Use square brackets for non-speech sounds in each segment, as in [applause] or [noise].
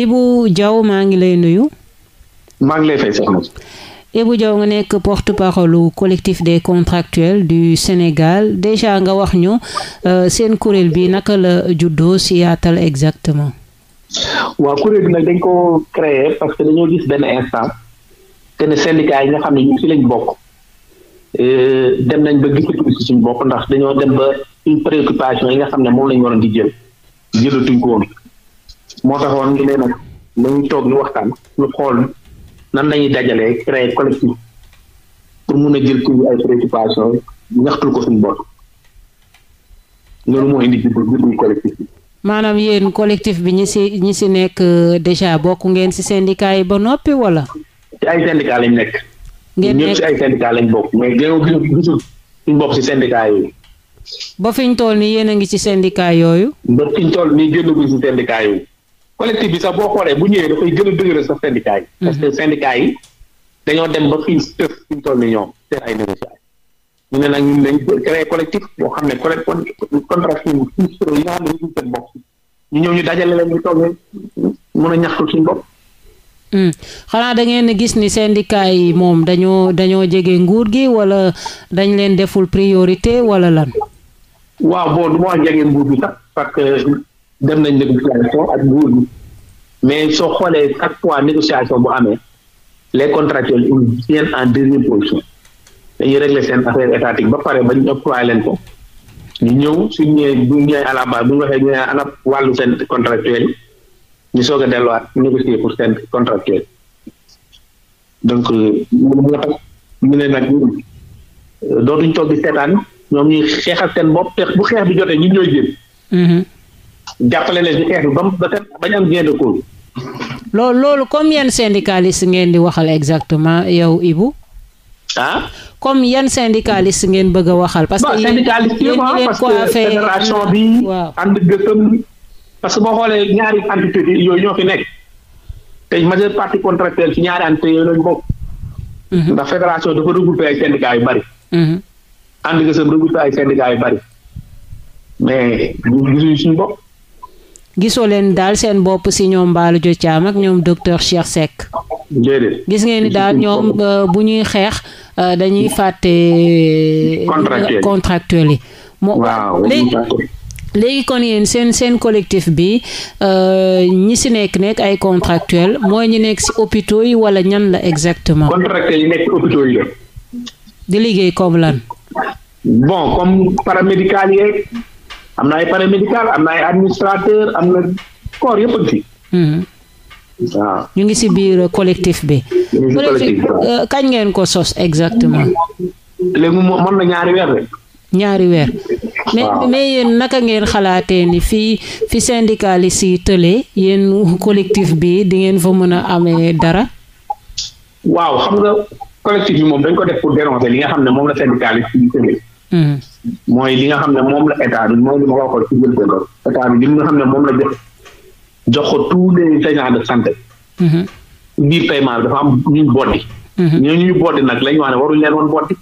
Ibou Diaw maa ngi lay nuyu. maa ngi lay fay soxna Ibou Diaw nga nekk porte-parole collectif des contractuels du Sénégal déjà nga wax ñu euh, seen kuréel bi naka la juddoo si yaatal exactement. waa kuréel bi nag dañ ko créer parce que dañoo gis benn instant te ne syndicat yi nga xam ne ñu ci lañ bokk euh, dem nañ ba gisatuñ ci suñu bopp ndax dañoo dem ba une préoccupation yi nga xam ne moom lañ waroon di jël jëlatuñ ko moo taxoon ñu ne nag nañu toog ñu waxtaan ñu xool nan lañuy dajalee créer collectif pour mun a jël ci ay préoccupation ñaxtul ko suñu bopp loolu moo indi jublu jublu collectif bi. maanaam yéen collectif bi ñi si ñi si nekk euh, déjà bokk ngeen si syndicat yi ba noppi wala. ci ay syndicat lañ nekk. ngeen nekk ñëpp si ay syndicat lañ bokk mais gënu gisul suñu bopp si syndicat yooyu. ba fiñ tool ni nii yéen a ngi ci syndicat yooyu. ba fi ñu toll nii génnaguñ si syndicat yooyu. collectif bi sax boo xoolee bu ñëwee dafay gën a dëgëral sax syndicat yi. Mhm. parce que syndicat yi dañoo dem ba fii tëf fi ñu toll ni ñoom ñu ne nag ñun dañ créé collectif boo xam ne collect contraction yi nga xam ne ñu dajale leen ñu toog mën a ñaxtu suñu bopp. Hmm. xanaa da gis ni syndicat yi moom dañoo dañoo jege nguur gi wala dañ leen deful priorité wala lan. waaw boo du jege nguur gi sax parce que. dem nañ négociation ak nguur gi mais soo xoolee chaque fois négociation bu amee les contractuels ils viennent en dernière position dañuy régler seen affaire étatique ba pare ba ñu octroyé leen ko ñu ñëw si ñëwee bu ñëwee à la bu ñu waxee ñu ne ana wàllu seen contractuel yi ñu soog a delluwaat négocier pour seen contractuel donc euh, moo tax ñu ne nag euh, dootuñ toog di ñoom ñuy xeexal seen bopp bu xeex bi jotee ñu ñooy jël jàppale leen ñu xeex bi ba mu ba bañ am gain de cause. loolu loolu comme yan syndicaliste ngeen di waxal exactement yow Ibou. ah. comme yan syndicaliste ngeen bëgg a waxal. parce que yéen yéen parce que fédération bi. waaw ànd parce que boo xoolee ñaari entité yooyu ñoo fi nekk. te majeure partie contractuelle ci ñaari entité yooyu lañ bokk. Mhm. ndax fédération dafa regroupé ay syndicats yu bari. Mhm. ànd gësëm regroupé ay syndicats gisoo leen daal seen bopp si ñoom Mballo Dia Thiam ak ñoom docteur Cheikh Seck. gis ngeen ni daal ñoom euh, bu ñuy xeex euh, dañuy fàtte. Euh, contractuel yi. waaw léegi kon yéen seen seen collectif bi ñi si nekk nekk ay contractuel mooy ñi nekk si hôpitaux yi wala ñan la exactement. contractuel yi nekk hôpitaux yi la. di liggéey comme lan. bon comme paramédical yeeg. am na ay paramédical am na ay administrateur am na corps yëpp a hmm. ñu ngi si biir collectif bi. Euh, kañ ngeen ko sos exactement. léegi moom na ñaari weer ñaari weer. mais mais yéen naka ngeen xalaatee ni fii fi syndicaliste yi tële yéen collectif bi di ngeen fa mën a amee dara. waaw xam nga collectif bi moom dañ ko def pour dénoncer li nga xam ne moom la syndicaliste yi tëlee. Hmm. mooy li nga xam ne moom la état bi mooy li ma ko waxoon ci biir dëkk état bi li nga xam ne moom la jox jox ko tous les agents de santé. Hmm. biir paiement bi dafa am ñu boddi. Hmm. ñooñu ñu boddi nag lañu wax ne waruñu leen woon boddi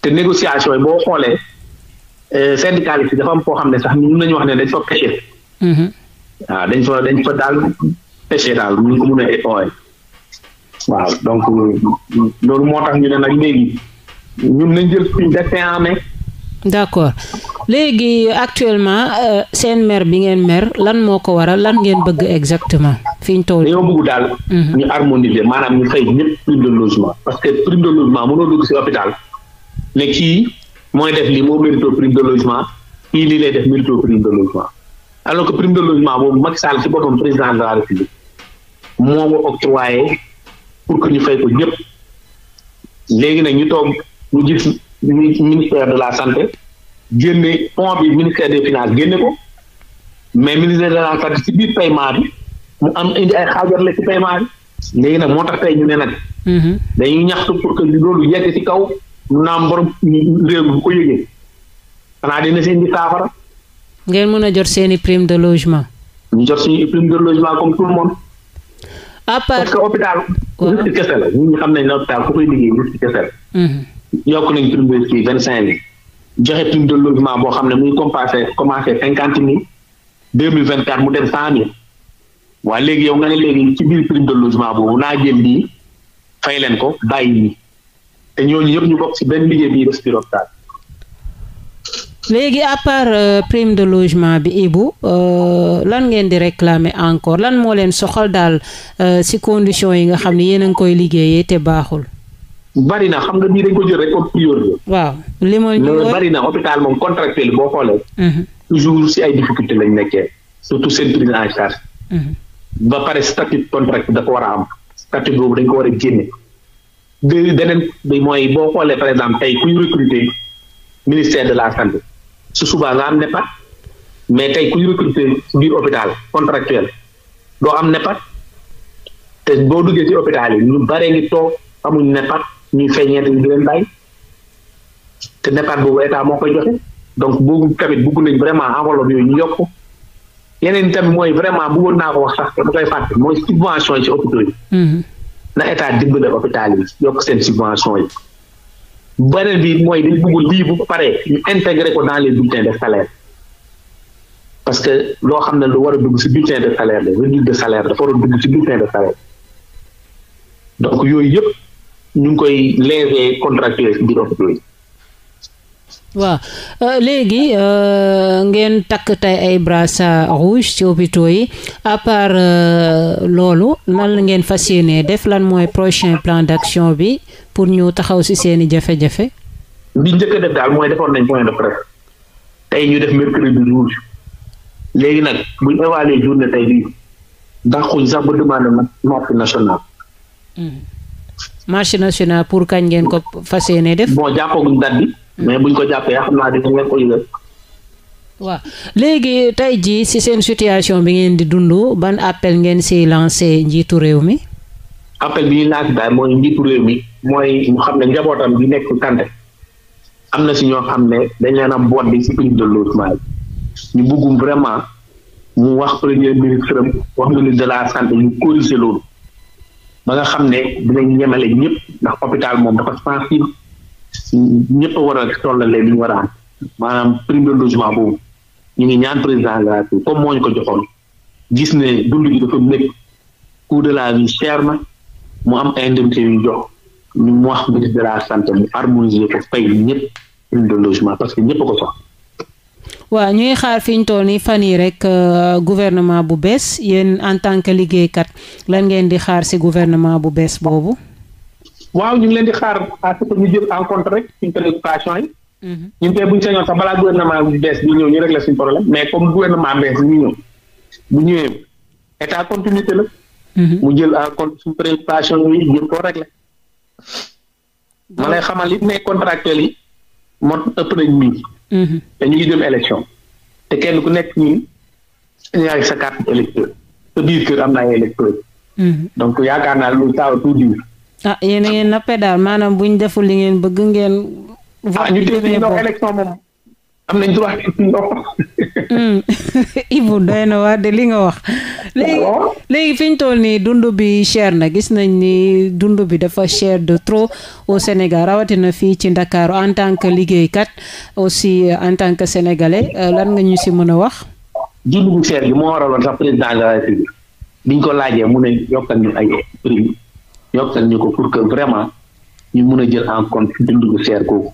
te négociation yi boo xoolee eh, syndicaliste dafa am koo xam ne sax ñun lañu wax ne dañ fo péché. waaw dañ fa dañ fa daal péché daal ñu ko mën a ooyee waaw donc loolu moo tax ñu ne nag léegi. ñun nañ jël suñ destin en main d'accord léegi actuellement euh, seen mer bi ngeen meer lan moo ko waral lan ngeen bëgg exactement fi ñu toll dañoo bëgg daal mhm. ñu harmoniser maanaam ñu fay ñëpp prime de logement parce que prime de logement mënoo dugg ci hôpital ne kii mooy def lii moo mérito prime de logement kii lii lay def mérito prime de logement alors que prime de logement boobu Macky Sall ci boppam président de la République moo ko pour que ñu fay ko ñëpp léegi nag ñu toog ñu gis ministère de la santé génne fond bi ministère des finances génne ko mais ministère de la santé ci biir paiement bi mu am indi ay xaajarle ci paiement bi léegi nag moo tax tey ñu ne nag mm-hmm. dañuy ñaxtu pour que loolu yegg ci kaw ñu naam borom réew bu ko yëgee xanaa dina si indi saafara ngeen mën a jot seeni prime de logement ñu jot suñu prime de logement comme tout le monde à part parce que hôpital risque kese la ñu xam nañ ne hôpital ku koy liggéey yokk nañ prime de kii vingt joxe prime boo xam ne muy commencé commencé cinquante mille deux mille vingt quatre mu dem cent mille waaye léegi yow nga ne léegi ci biir prime de logement boobu naa jël lii fay leen ko bàyyi yi te ñooñu yëpp ñu bokk ci benn liggéey bii respiro léegi à part euh, prime de logement bi Ibou euh, lan ngeen di réclamer encore lan moo leen soxal daal euh, ci conditions yi nga xam ne yéen a ngi koy liggéeyee te baaxul bari na xam nga bii dañ ko jël rek comme priorité. waaw li ma bari na hôpital moom contractuel boo xoolee. Mhm. toujours si ay difficulté lañ nekkee surtout seen prise en charge. Mhm. ba pare statut contract dafa war a am statut boobu dañ ko war a génne. de beneen bi boo xoolee par exemple tey kuy ministère de la santé su subaa nga am neppat mais tey kuy recruter ci biir hôpital contractuel doo am neppat te boo duggee ci hôpital yi ñu baree ngi toog amuñ neppat ñuy feeñeent ñu di leen bàyyi te départ boobu état moo koy joxe donc boobu tamit bëgg nañ vraiment enveloppe yooyu ñu yokk yeneen tamit mooy vraiment buggoon naa ko wax sax dama koy mooy subvention yi ci hôpitaux yi. Mm-hmm. na état dimbale hôpital yi yokk seen subvention yi. beneen bi mooy dañ bëgg lii bu paree ñu intégré ko dans les bulletins de salaire parce que loo xam ne lu war a dugg ci bulletin de salaire la revue de dugg ci bulletin de salaire donc yooyu yëpp ñu ngi koy lever contractuel waaw euh, léegi euh, ngeen takk tey ay brassard rouge ci hôpitaux yi à part euh, loolu nan la ngeen fas yéenee def lan mooy prochain plan d'action bi pour ñu taxaw ci seeni jafe-jafe bi njëkk a def daal mooy defoon nañ point de presse tey ñu def mercredi rouge léegi nag buñ évaluer journée tey bii dàquñ sax ba demande marche nationale hmm. marche nationale pour kañ ngeen ko fas yéene def. bon jàppaguñ date bi. mais buñ ko jàppee xam naa dinañ leen ko yëgal. waaw léegi tey jii ci seen situation bi ngeen di dund ban appel ngeen ci lancé njiitu réew mi. appel bi ñu laaj daal mooy njiitu mu xam ne njabootam bi nekk Kanté am na ci ñoo xam ne dañ leen a boot di ci prix de logement ñu bëggum vraiment mu wax premier ministre am wax ministre de la santé ñu corriger loolu. ba nga xam ne dinañ ñemale ñëpp ndax hôpital moom dafa sensible ñëpp a war a tollalee li ñu war a am maanaam prime de logement boobu ñu ngi ñaan président de la République comme moo ñu ko joxoon gis ne dund gi dafa métti coût de la vie cher na mu am indemnité yu jox ñu mu wax ministre de la santé mu harmoniser ko fay ñëpp prime de logement parce que ñëpp a ko soxla waaw ñuy xaar fi too toll nii fan yii rek euh, gouvernement bu bees yéen en tant que liggéey kat lan ngeen di xaar ci gouvernement bu bees boobu. waaw ñu ngi leen di xaar a ce que ñu jël en compte rek suñu préoccupation yi. Mhm. ñun tey bu ñu sañoon sax balaa gouvernement bees bi ñu régler suñu problème mais comme gouvernement bees bi ñëw bu ñëwee état mhm. mu jël en compte suñu préoccupation yi jëm koo régler. ma lay xamal it ne contractuel yi. mot ëpp nañ mii i mhm. ñu ngi dem élection te kenn ku nekk ñun yaa ngi sa carte électeur sa biir kër am na ay électeur mhm. donc yaakaar naa lu taaw tout diir ah yéen a ngeen nappe daal maanam bu ñu deful li ngeen bëgg ngeen ah ñu téye ñoom élection moom am nañ droit hmm. [laughs] na waa de li nga wax. léegi léegi fi toll nii dund bi cher na gis nañ ni dund bi dafa cher de trop au Sénégal rawatina fii ci Ndakaaru en tant que liggéeykat aussi euh, en tant que sénégalais euh, lan nga ñu si mën a wax. dund bu cher bi moo waraloon sax président de la ko laajee mu ne yokkal ñu ay prix yokkal ñu ko pour que vraiment ñu mun a jël en compte dund bu cher googu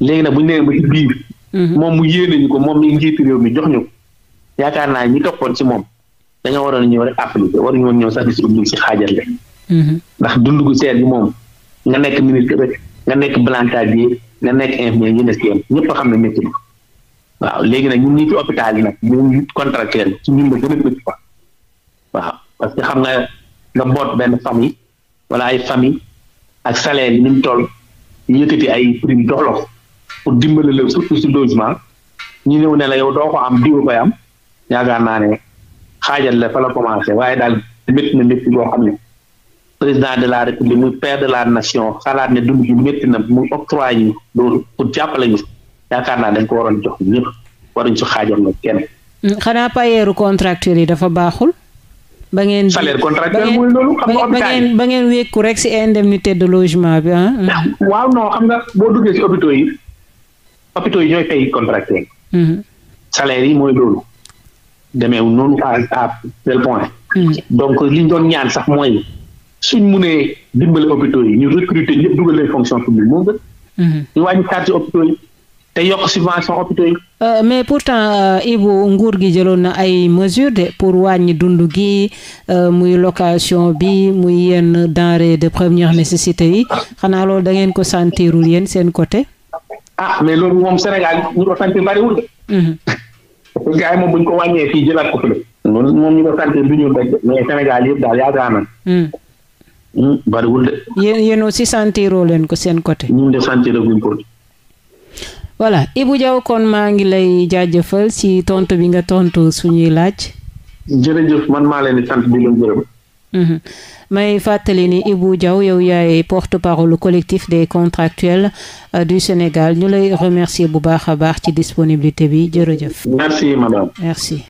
léegi nag bu ñu ba ci biir. Mm-hmm. moom mu yéene ñu ko moom mi njiitu réew mi jox ñu yaakaar naa ñi toppoon ci moom dañoo waroon ñëw rek appliqué waruñu woon ñëw sax di si ubbi si xaajal mm-hmm. ndax dund gu seer bi moom nga nekk ministre rek nga nekk blancardier nga nekk infirmier ñu ne si ñëpp xam ne métti na waaw léegi nag ñun ñii ci hôpital yi nag ñu contractuel ci ñun la gën a métti fa waaw parce que xam nga nga boot benn famille wala ay famille ak salaire yi ni mu toll ñu yëkkati ay prime doxlof pour dimbali la surtout si logement ñu new ne la yow doo ko am diw koy am yaakaar naa ne xaajal la fa la commencé waaye daal métti na métti boo xam ne président de la république muy père de la nation xalaat ne dund gi métti na mu octroyé ñu loolu pour jàppale ñu yaakaar naa dañ ko waroon jox ñëpp waruñ si xaajal na kenn. Mm, xanaa yi dafa baaxul. ba ngeen salaire contractuel muy loolu xam nga hôpital yi ba rek si indemnité de logement bi ah, mm. waaw noo xam nga boo duggee si hôpitaux yi. hôpitaux yi ñooy fay contracté. salaire yi mooy loolu. demeewul noonu à tel point. donc li ñu doon ñaan sax mooy suñ munee dimbale hôpitaux yi ñu recruter ñëpp dugal fonction publique moo gën. ñu wàññi charge hôpitaux yi. te yokk subvention hôpitaux yi. mais pourtant Ibou nguur gi jëloon na ay mesures de pour wàññi dund gi eh, muy location bi muy yenn denrées eh, de première nécessité yi xanaa loolu da ngeen ko sentirul yéen seen côté. ah mais loolu moom Sénégal ñu ko sentir bariwul de. Mhm. moom bu ñu ko wàññee fii jëlaat ko fële. loolu moom ñu ko sentir mais Sénégal yëpp daal yaakaar naa. Mhm. Hmm, bariwul de. yéen yéen aussi sentiroo leen ko seen côté. ñu de sentir guñ ko. voilà Ibou Diaw kon maa ngi lay jaajëfal si tontu bi nga tontu suñuy laaj. jërëjëf man maa leen di sant di leen gërëm. Mhm. may fàttali ni Ibou jaw yow yaay porte-parole collectif des contractuels euh, du Sénégal ñu lay remercier bu baax a baax ci disponibilité bi jërëjëf. merci.